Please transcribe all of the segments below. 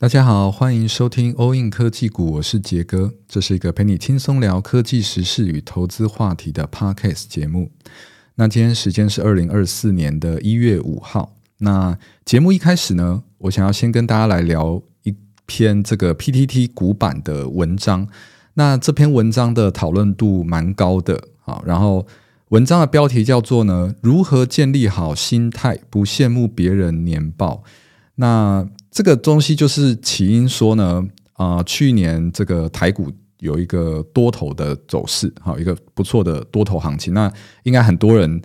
大家好，歡迎收聽歐 n 科技股，我是杰哥。這是一個陪你輕鬆聊科技時事與投資話題的 podcast 節目。那今天時間是二零二四年的一月五號。那節目一開始呢，我想要先跟大家來聊一篇這個 PTT 股版的文章。那這篇文章的討論度蠻高的啊。然後文章的標題叫做呢，如何建立好心態，不羨慕別人年報？那這個東西就是起因說呢，啊、呃，去年這個台股有一個多頭的走勢，好，一個不錯的多頭行情，那應該很多人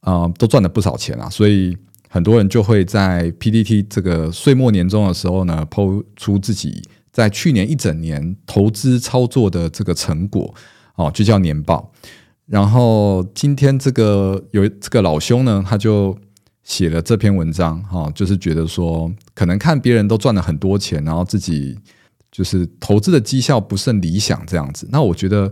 啊、呃、都賺了不少錢啊，所以很多人就會在 PTT 這個歲末年終的時候呢，拋出自己在去年一整年投資操作的這個成果，哦，就叫年報。然後今天這個有這個老兄呢，他就。寫了這篇文章哈、哦，就是覺得說，可能看別人都賺了很多錢，然後自己就是投資的績效不甚理想這樣子。那我覺得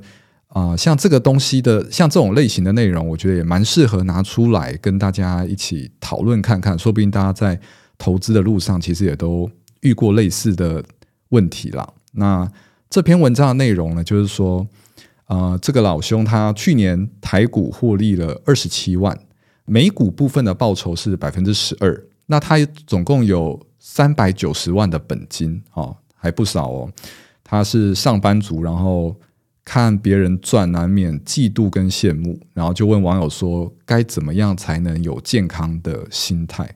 啊、呃，像這個東西的，像這種類型的內容，我覺得也蠻適合拿出來跟大家一起討論看看。說不定大家在投資的路上，其實也都遇過類似的問題啦。那這篇文章的內容呢，就是說啊、呃，這個老兄他去年台股獲利了二十七萬。美股部分的報酬是百分之十二，那他總共有三百九十萬的本金，哦，還不少哦。他是上班族，然後看別人賺，難免嫉妒跟羨慕，然後就問網友說，該怎麼樣才能有健康的心態？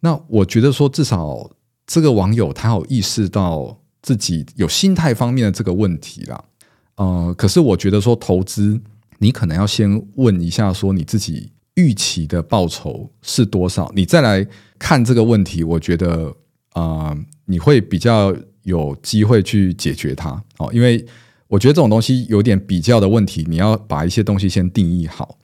那我覺得說，至少這個網友他有意識到自己有心態方面的這個問題啦。呃，可是我覺得說，投資你可能要先問一下說你自己。預期的報酬是多少？你再來看這個問題，我覺得啊，呃，你會比較有機會去解決它哦，因為我覺得這種東西有點比較的問題，你要把一些東西先定義好。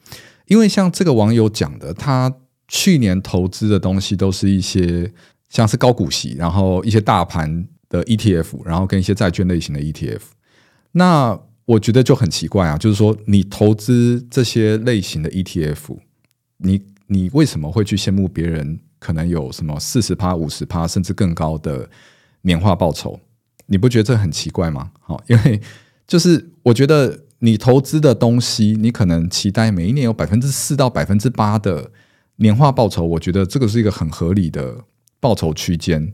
因為像這個網友講的，他去年投資的東西都是一些像是高股息，然後一些大盤的 ETF，然後跟一些債券類型的 ETF。那我覺得就很奇怪啊，就是說你投資這些類型的 ETF。你你為什麼會去羨慕別人可能有什麼四十趴、五十趴甚至更高的年化報酬？你不覺得這很奇怪嗎？好，因為就是我覺得你投資的東西，你可能期待每一年有百分之四到百分之八的年化報酬，我覺得這個是一個很合理的報酬區間，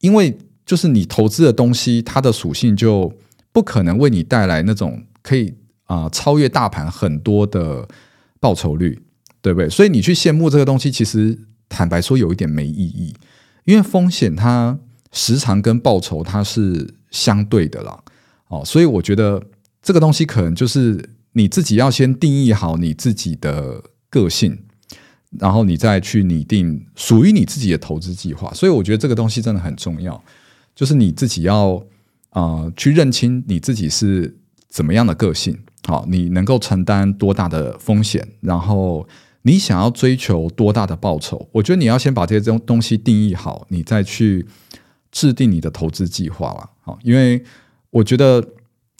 因為就是你投資的東西，它的屬性就不可能為你帶來那種可以啊、呃、超越大盤很多的報酬率。對不對？所以你去羨慕這個東西，其實坦白說有一點沒意義，因為風險它時常跟報酬它是相對的啦。哦，所以我覺得這個東西可能就是你自己要先定義好你自己的個性，然後你再去擬定屬於你自己的投資計劃。所以我覺得這個東西真的很重要，就是你自己要啊去認清你自己是怎麼樣的個性，好，你能夠承擔多大的風險，然後。你想要追求多大的報酬？我覺得你要先把這些東東西定義好，你再去制定你的投資計劃了。啊，因為我覺得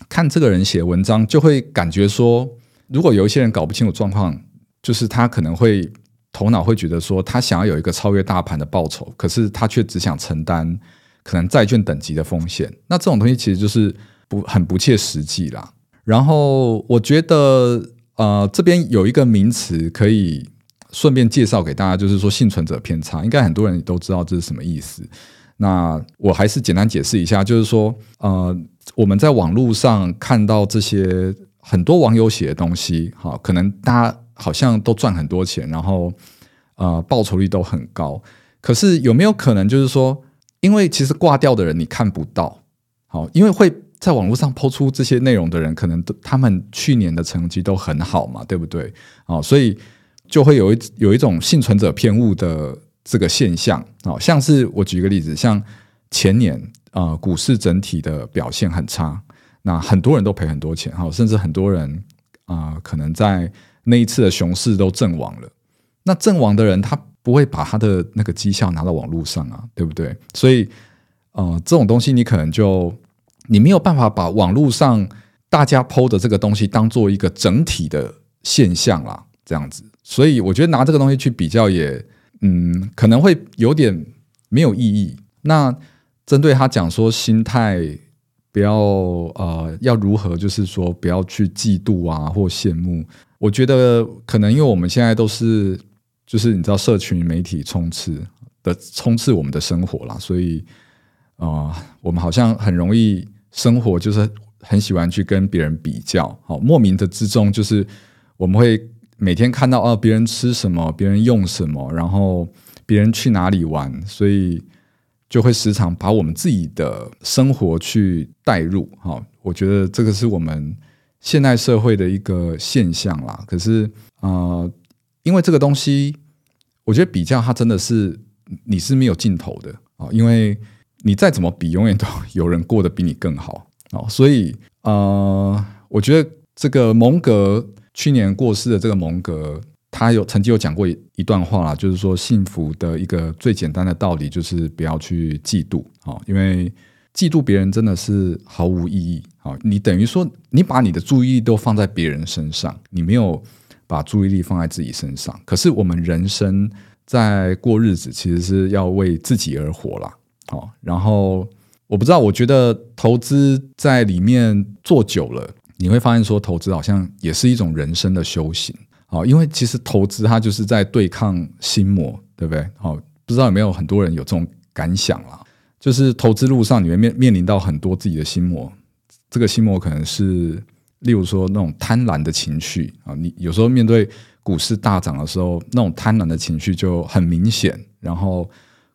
看這個人寫文章，就會感覺說，如果有一些人搞不清楚狀況，就是他可能會頭腦會覺得說，他想要有一個超越大盤的報酬，可是他卻只想承擔可能債券等級的風險。那這種東西其實就是不很不切實際啦。然後我覺得。呃，這邊有一個名詞可以順便介紹給大家，就是說幸存者偏差，應該很多人都知道這是什麼意思。那我還是簡單解釋一下，就是說，呃，我們在網絡上看到這些很多網友寫的東西，好，可能大家好像都賺很多錢，然後呃，報酬率都很高，可是有沒有可能就是說，因為其實掛掉的人你看不到，好，因為會。在網絡上拋出這些內容的人，可能都他們去年的成績都很好嘛，對不對？啊、哦，所以就會有一有一種幸存者偏誤的這個現象啊、哦，像是我舉一個例子，像前年啊、呃，股市整體的表現很差，那很多人都賠很多錢哈、哦，甚至很多人啊、呃，可能在那一次的熊市都陣亡了。那陣亡的人，他不會把他的那個績效拿到網絡上啊，對不對？所以，呃，這種東西你可能就。你沒有辦法把網絡上大家 po 的這個東西當做一個整體的現象啦，這樣子，所以我覺得拿這個東西去比較也，嗯，可能會有點沒有意義。那針對他講說心態不要，呃，要如何，就是說不要去嫉妒啊或羨慕，我覺得可能因為我們現在都是，就是你知道，社群媒體充斥的，充斥我們的生活啦。所以啊、呃，我們好像很容易。生活就是很喜歡去跟別人比較，好莫名的自重就是我們會每天看到哦、啊、別人吃什麼，別人用什麼，然後別人去哪裡玩，所以就會時常把我們自己的生活去帶入。好，我覺得這個是我們現代社會的一個現象啦。可是啊、呃，因為這個東西，我覺得比較它真的是你是沒有盡頭的啊，因為。你再怎麼比，永遠都有人過得比你更好。所以，呃，我覺得這個蒙格去年過世的這個蒙格，他有曾經有講過一，一段話啦，就是說幸福的一個最簡單的道理就是不要去嫉妒。因為嫉妒別人真的是毫無意義。你等於說你把你的注意力都放在別人身上，你沒有把注意力放在自己身上。可是我們人生在過日子，其實是要為自己而活啦。好，然後我不知道，我覺得投資在裡面做久了，你會發現說投資好像也是一種人生的修行。好，因為其實投資它就是在對抗心魔，對不對？好，不知道有沒有很多人有這種感想啦，就是投資路上你會面面臨到很多自己的心魔，這個心魔可能是例如說那種貪婪的情緒啊，你有時候面對股市大漲的時候，那種貪婪的情緒就很明顯，然後。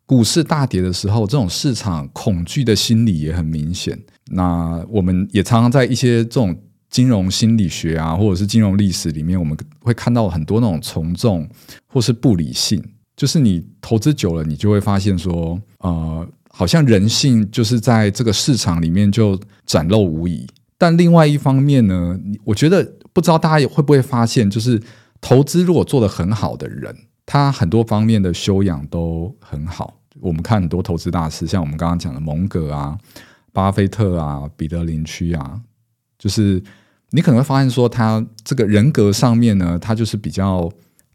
股市大跌的時候，這種市場恐懼的心理也很明顯。那我們也常常在一些這種金融心理學啊，或者是金融歷史裡面，我們會看到很多那種從眾或是不理性。就是你投資久了，你就會發現說，呃，好像人性就是在這個市場裡面就展露無遺。但另外一方面呢，我覺得不知道大家也會不會發現，就是投資如果做得很好的人。他很多方面的修養都很好。我們看很多投資大師，像我們剛剛講的蒙格啊、巴菲特啊、彼得林區啊，就是你可能會發現說，他這個人格上面呢，他就是比較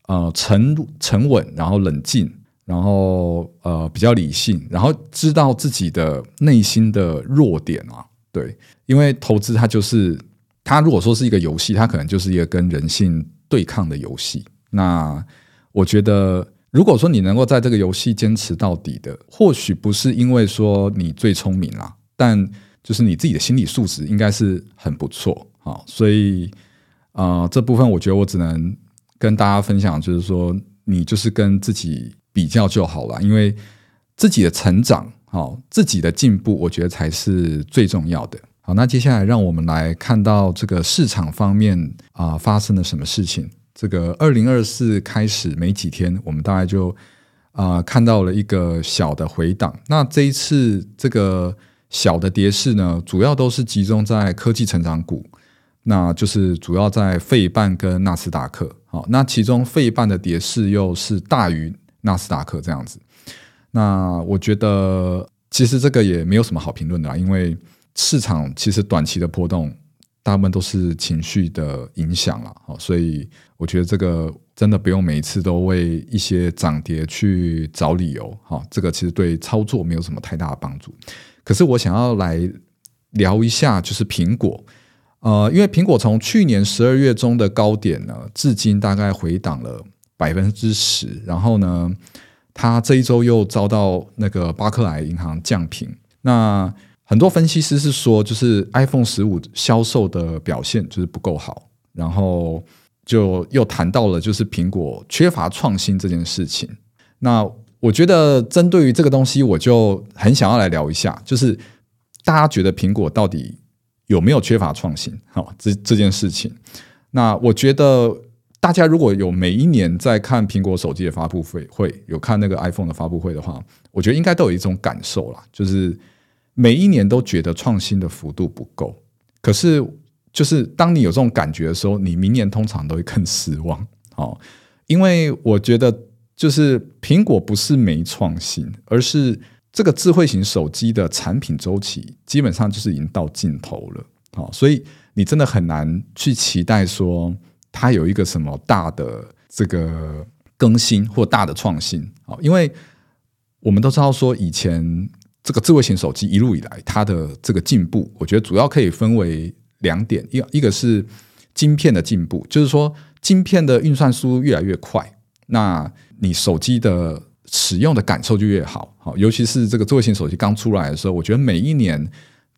呃沉沉穩，然後冷靜，然後呃比較理性，然後知道自己的內心的弱點啊。對，因為投資它就是，他如果說是一個遊戲，它可能就是一個跟人性對抗的遊戲。那我覺得，如果說你能夠在這個遊戲堅持到底的，或許不是因為說你最聰明啦、啊，但就是你自己的心理素質應該是很不錯啊。所以，啊、呃，這部分我覺得我只能跟大家分享，就是說你就是跟自己比較就好了，因為自己的成長啊、哦，自己的進步，我覺得才是最重要的。好，那接下來讓我們來看到這個市場方面啊、呃，發生了什麼事情。這個二零二四開始沒幾天，我們大概就啊、呃、看到了一個小的回檔。那這一次這個小的跌勢呢，主要都是集中在科技成長股，那就是主要在費半跟納斯達克。好，那其中費半的跌勢又是大於納斯達克這樣子。那我覺得其實這個也沒有什麼好評論的啦，因為市場其實短期的波動。大部分都是情緒的影響了，哈，所以我覺得這個真的不用每一次都為一些漲跌去找理由，哈，這個其實對操作沒有什麼太大的幫助。可是我想要來聊一下，就是蘋果，呃，因為蘋果從去年十二月中的高點呢，至今大概回檔了百分之十，然後呢，它這一周又遭到那個巴克萊銀行降評，那。很多分析師是說，就是 iPhone 十五銷售的表現就是不夠好，然後就又談到了就是蘋果缺乏創新這件事情。那我覺得針對於這個東西，我就很想要來聊一下，就是大家覺得蘋果到底有沒有缺乏創新？好，這這件事情。那我覺得大家如果有每一年在看蘋果手機的發布會，會有看那個 iPhone 的發布會的話，我覺得應該都有一種感受啦，就是。每一年都覺得創新的幅度不夠，可是就是當你有這種感覺的時候，你明年通常都會更失望，哦。因為我覺得就是蘋果不是沒創新，而是這個智慧型手機的產品週期基本上就是已經到盡頭了，所以你真的很難去期待說它有一個什麼大的這個更新或大的創新，哦。因為我們都知道說以前。這個智慧型手機一路以來，它的這個進步，我覺得主要可以分為兩點，一一個是晶片的進步，就是說晶片的運算速度越來越快，那你手機的使用的感受就越好。好，尤其是這個智慧型手機剛出來的時候，我覺得每一年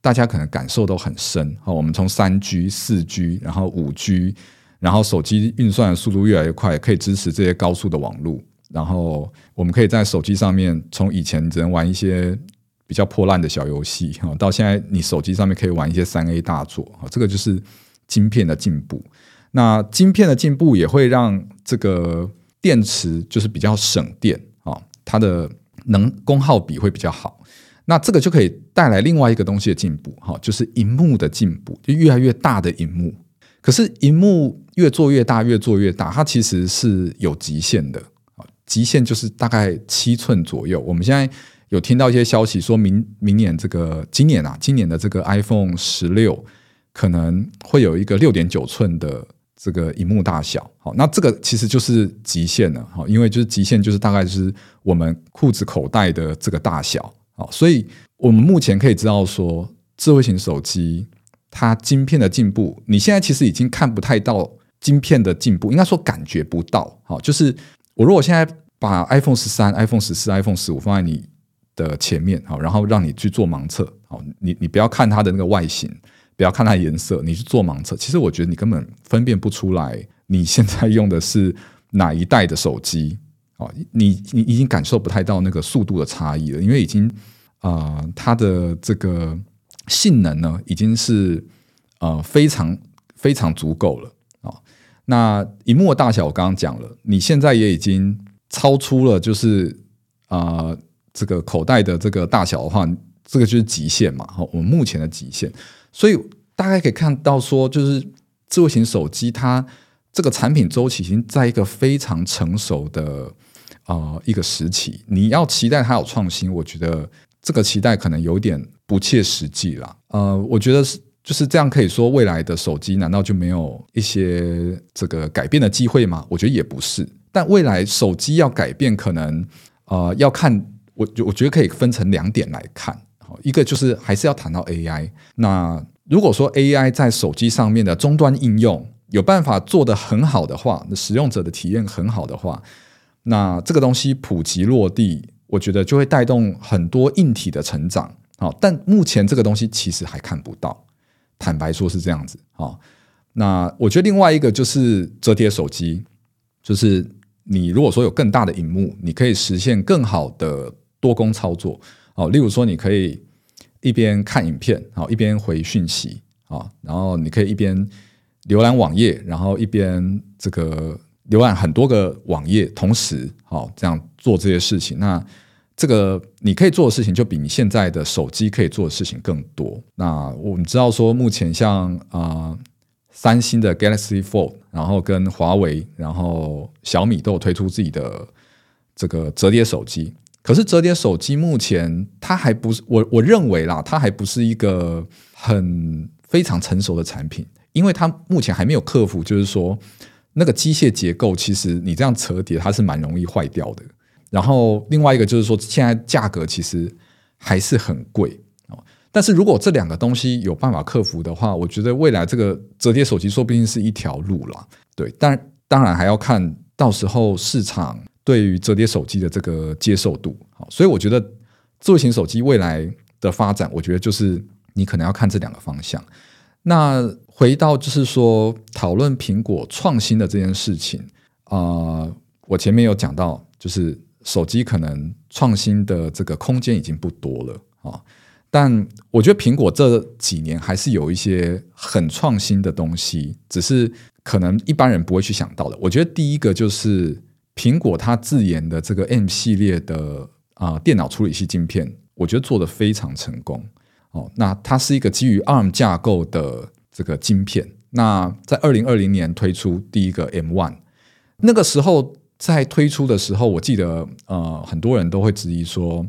大家可能感受都很深。好，我們從三 G、四 G，然後五 G，然後手機運算的速度越來越快，可以支持這些高速的網絡，然後我們可以在手機上面從以前只能玩一些。比較破爛的小遊戲，哈，到現在你手機上面可以玩一些三 A 大作，啊，這個就是晶片的進步。那晶片的進步也會讓這個電池就是比較省電，啊，它的能功耗比會比較好。那這個就可以帶來另外一個東西的進步，哈，就是螢幕的進步，就越來越大的螢幕。可是螢幕越做越大，越做越大，它其實是有極限的，啊，極限就是大概七寸左右。我們現在。有聽到一些消息，說明明年這個今年啊，今年的這個 iPhone 十六可能會有一個六點九寸的這個熒幕大小。好，那這個其實就是極限了。好，因為就是極限就是大概就是我們褲子口袋的這個大小。好，所以我們目前可以知道說，智慧型手機它晶片的進步，你現在其實已經看不太到晶片的進步，應該說感覺不到。好，就是我如果現在把 13, iPhone 十三、iPhone 十四、iPhone 十五放在你的前面，然後讓你去做盲測，你你不要看它的那個外形，不要看它的顏色，你去做盲測。其實我覺得你根本分辨不出來，你現在用的是哪一代的手機，你你已經感受不太到那個速度的差異了，因為已經啊、呃，它的這個性能呢，已經是啊、呃，非常非常足夠了啊、哦。那熒幕的大小我剛剛講了，你現在也已經超出了，就是啊。呃這個口袋的這個大小的話，這個就是極限嘛，我們目前的極限。所以大家可以看到說就是智慧型手機它這個產品周期已經在一個非常成熟的啊、呃、一個時期，你要期待它有創新，我覺得這個期待可能有點不切實際了。呃，我覺得是就是這樣，可以說未來的手機難道就沒有一些這個改變的機會嗎？我覺得也不是。但未來手機要改變，可能呃要看。我我我覺得可以分成兩點來看，一個就是還是要談到 AI。那如果說 AI 在手機上面的終端應用有辦法做得很好的話，使用者的體驗很好的話，那這個東西普及落地，我覺得就會帶動很多硬體的成長。但目前這個東西其實還看不到，坦白說是這樣子。那我覺得另外一個就是折疊手機，就是你如果說有更大的螢幕，你可以實現更好的。多工操作，哦，例如說，你可以一邊看影片，然後一邊回訊息，啊，然後你可以一邊瀏覽網頁，然後一邊這個瀏覽很多個網頁，同時，好這樣做這些事情。那這個你可以做的事情，就比你現在的手機可以做的事情更多。那我們知道說，目前像啊、呃，三星的 Galaxy Fold，然後跟華為，然後小米都有推出自己的這個折疊手機。可是折疊手機目前它還不是我我認為啦，它還不是一個很非常成熟的產品，因為它目前還沒有克服，就是說那個機械結構，其實你這樣折疊它是蠻容易壞掉的。然後另外一個就是說，現在價格其實還是很貴哦。但是如果這兩個東西有辦法克服的話，我覺得未來這個折疊手機說不定是一條路啦。對，但當然還要看到時候市場。對於折疊手機的這個接受度，所以我覺得智慧型手機未來的發展，我覺得就是你可能要看這兩個方向。那回到就是說討論蘋果創新的這件事情啊，呃，我前面有講到，就是手機可能創新的這個空間已經不多了啊，但我覺得蘋果這幾年還是有一些很創新的東西，只是可能一般人不會去想到的。我覺得第一個就是。蘋果它自研的這個 M 系列的啊、呃、電腦處理器晶片，我覺得做得非常成功哦。那它是一個基於 ARM 架構的這個晶片。那在二零二零年推出第一個 M one，那個時候在推出的時候，我記得呃很多人都會質疑說，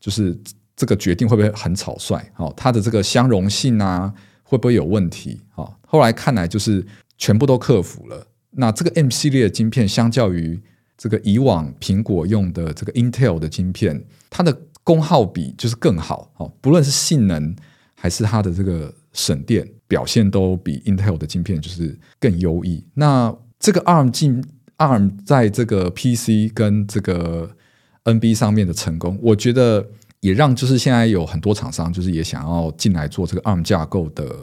就是這個決定會不會很草率？哦，它的這個相容性啊會不會有問題？哦，後來看來就是全部都克服了。那這個 M 系列的晶片相較於這個以往蘋果用的這個 Intel 的晶片，它的功耗比就是更好哦，不論是性能還是它的這個省電表現，都比 Intel 的晶片就是更優異。那這個 ARM 進 ARM 在這個 PC 跟這個 NB 上面的成功，我覺得也讓就是現在有很多廠商就是也想要進來做這個 ARM 架構的。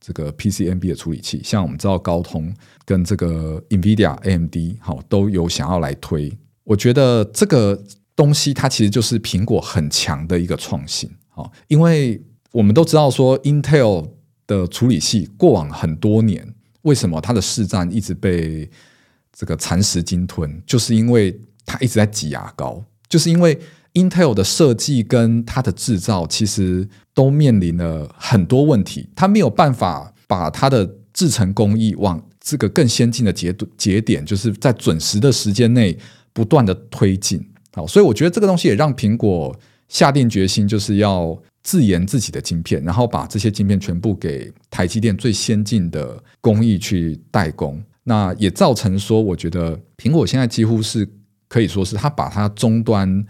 這個 PCNB 的處理器，像我們知道高通跟這個 NVIDIA、AMD 好，都有想要來推，我覺得這個東西它其實就是蘋果很強的一個創新，哦，因為我們都知道說 Intel 的處理器過往很多年，為什麼它的市占一直被這個蠶食鯨吞，就是因為它一直在擠牙膏，就是因為。Intel 的設計跟它的制造其實都面臨了很多問題，它沒有辦法把它的製程工藝往這個更先進的節節點，就是在準時的時間內不斷的推進。好，所以我覺得這個東西也讓蘋果下定決心，就是要自研自己的晶片，然後把這些晶片全部給台積電最先進的工藝去代工。那也造成說，我覺得蘋果現在幾乎是可以說是它把它終端。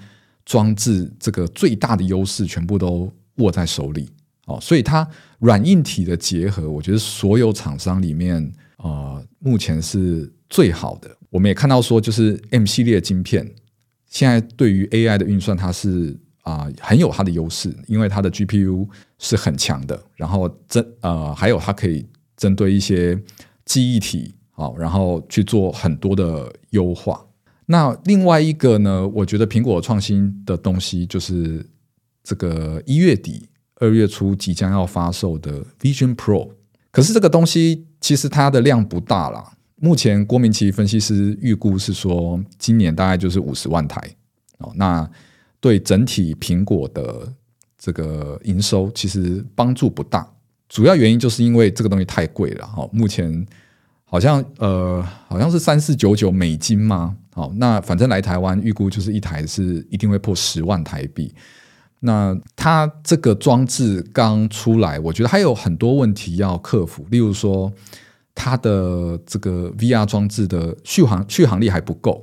裝置這個最大的優勢全部都握在手裡哦，所以它軟硬體的結合，我覺得所有廠商裡面呃目前是最好的。我們也看到說，就是 M 系列晶片現在對於 AI 的運算，它是啊、呃、很有它的優勢，因為它的 GPU 是很強的，然後針呃還有它可以針對一些記憶體啊、哦，然後去做很多的優化。那另外一個呢？我覺得蘋果有創新的東西就是這個一月底、二月初即將要發售的 Vision Pro。可是這個東西其實它的量不大啦，目前郭明錤分析師預估是說，今年大概就是五十萬台哦。那對整體蘋果的這個營收其實幫助不大。主要原因就是因為這個東西太貴了哦。目前好像呃好像是三四九九美金嗎？好，那反正來台灣預估就是一台是一定會破十萬台幣。那它這個裝置剛出來，我覺得還有很多問題要克服，例如說它的這個 VR 裝置的續航續航力還不夠，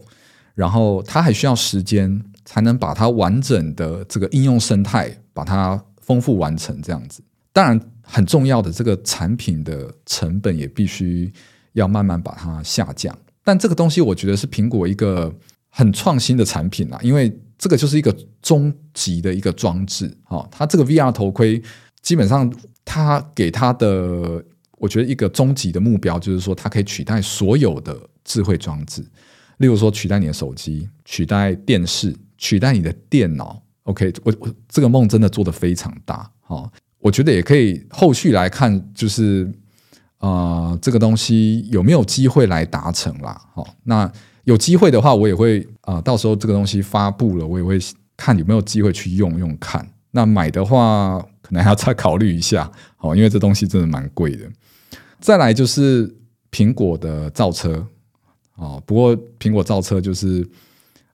然後它還需要時間才能把它完整的這個應用生態把它豐富完成這樣子。當然很重要的這個產品的成本也必須要慢慢把它下降。但這個東西我覺得是蘋果一個很創新的產品啊，因為這個就是一個終極的一個裝置哈、哦，它這個 VR 頭盔，基本上它給它的，我覺得一個終極的目標就是說，它可以取代所有的智慧裝置，例如說取代你的手機、取代電視、取代你的電腦。OK，我我這個夢真的做得非常大哈、哦，我覺得也可以後續來看，就是。啊、呃，這個東西有沒有機會來達成啦？好、哦，那有機會的話，我也會啊、呃。到時候這個東西發布了，我也會看有沒有機會去用用看。那買的話，可能還要再考慮一下。好、哦，因為這東西真的蠻貴的。再來就是蘋果的造車啊、哦，不過蘋果造車就是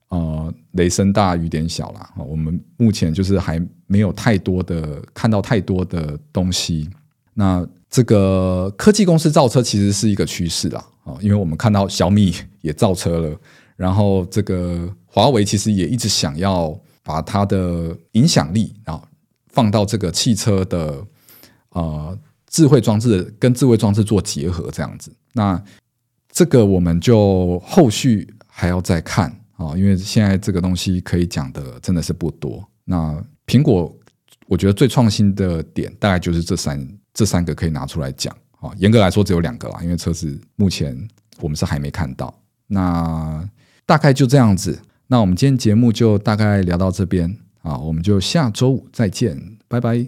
呃雷聲大雨點小啦、哦、我們目前就是還沒有太多的看到太多的東西。那這個科技公司造車其實是一個趨勢啦，啊，因為我們看到小米也造車了，然後這個華為其實也一直想要把它的影響力啊放到這個汽車的、呃、智慧裝置跟智慧裝置做結合這樣子。那這個我們就後續還要再看啊，因為現在這個東西可以講的真的是不多。那蘋果。我覺得最創新的點大概就是這三、這三個可以拿出來講啊、哦。嚴格來說只有兩個啦，因為車子目前我們是還沒看到。那大概就這樣子。那我們今天節目就大概聊到這邊啊，我們就下週五再見，拜拜。